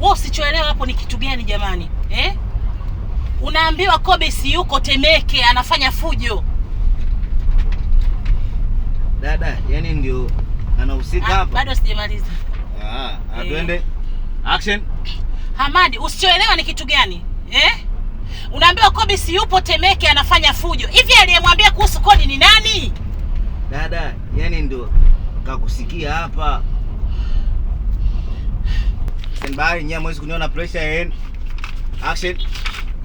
wewe usichoelewa hapo ni kitu gani jamani eh? Unaambiwa Kobe si yuko Temeke anafanya fujo. Dada, yani ndio anahusika ah, hapa. Bado sijamaliza. Ah, atuende. Ah, eh. Action. Hamadi, usichoelewa ni kitu gani eh? Unaambiwa Kobe si yupo Temeke anafanya fujo. Hivi aliyemwambia kuhusu kodi ni nani? Dada, yani ndio kakusikia hapa standby. by, nyie hamwezi kuniona pressure and action.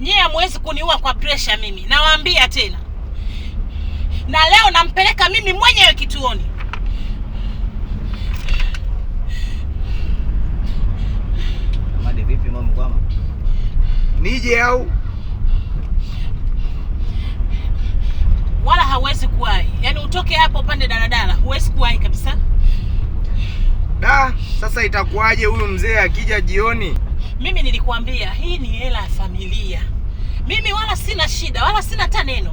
Nyie hamwezi kuniua kwa pressure mimi. Nawaambia tena. Na leo nampeleka mimi mwenyewe kituoni. Amade, vipi mama kwama? Nije au wala hawezi kuwahi. Yaani utoke hapo upande daladala, huwezi kuwahi kabisa. Da, sasa itakuwaje huyu mzee akija jioni? Mimi nilikwambia hii ni hela ya familia. Mimi wala sina shida wala sina hata neno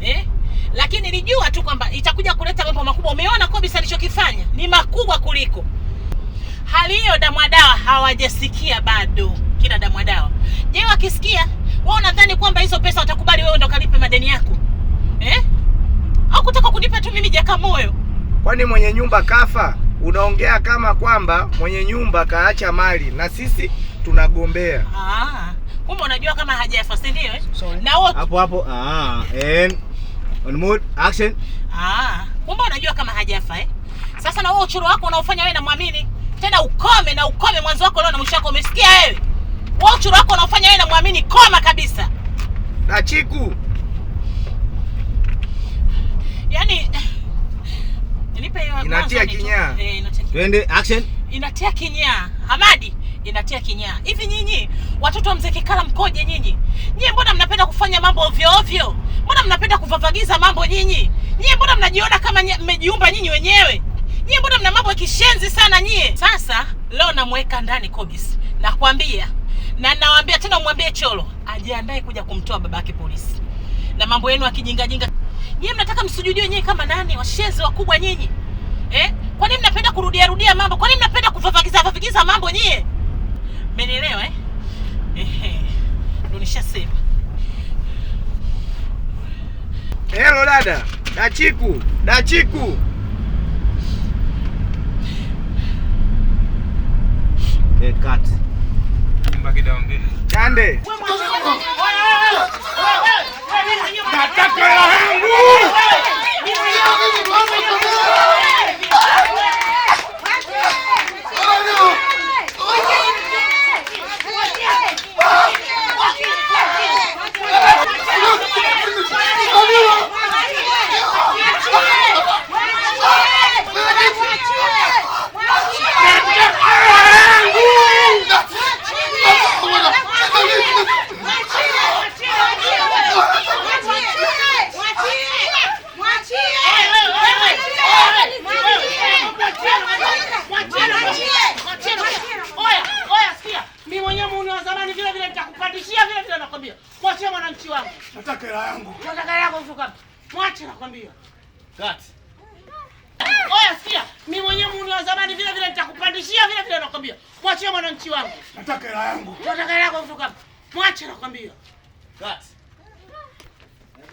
eh? Lakini nilijua tu kwamba itakuja kuleta mambo makubwa. Umeona Kobisi alichokifanya ni makubwa kuliko hali hiyo. Damwadawa hawajasikia bado, kila damwadawa. Je, wakisikia wao, unadhani kwamba hizo pesa watakubali wewe ndo kalipe madeni yako eh? Au kutaka kunipa tu mimi jaka moyo? Kwani mwenye nyumba kafa? unaongea kama kwamba mwenye nyumba kaacha mali na sisi tunagombea. Ah, kumbe unajua kama hajafa, si ndio? Eh? Na wote hapo hapo. Ah, on mood action. Ah, kumbe unajua kama hajafa eh? Sasa na wewe uchuru wako unaofanya wewe na muamini tena, ukome na ukome, mwanzo wako leo na mwisho wako, umesikia wewe? Wewe uchuru wako unaofanya wewe na muamini, koma kabisa. Dachiku. inatia kinyaa. Eh, Twende action. Inatia kinyaa. Hamadi inatia kinyaa. Hivi nyinyi watoto wa mzee Kikala mkoje nyinyi? Nyinyi mbona mnapenda kufanya mambo ovyo ovyo? Mbona mnapenda kuvavagiza mambo nyinyi? Nyinyi mbona mnajiona kama mmejiumba nyinyi wenyewe? Nyinyi mbona mna mambo ya kishenzi sana nyie? Sasa leo namweka ndani Kobisi. Nakwambia na nawaambia tena, mwambie Cholo ajiandae kuja kumtoa babake polisi, na mambo yenu akijinga jinga. Nyinyi mnataka msujudie nyinyi kama nani? Washenzi wakubwa nyinyi eh? Kwa nini mnapenda kurudia rudia mambo? Kwa nini mnapenda kufafagiza fafagiza mambo nyie? Mmenielewa eh? Ehe. Ndio nishasema. Hello dada. Dachiku, Dachiku. Eh, cut. Kimba kidaonge. Chande. Nataka hela nakwambia, mwachie mwananchi wangu. Nataka hela yangu. Nataka hela yako ufuka. Mwache nakwambia. Kati. Oya, sikia. Mimi mwenyewe muni wa zamani vile vile nitakupandishia vile vile nakwambia. Mwachie mwananchi wangu. Nataka hela yangu. Nataka hela yako ufuka. Mwache nakwambia. Kati.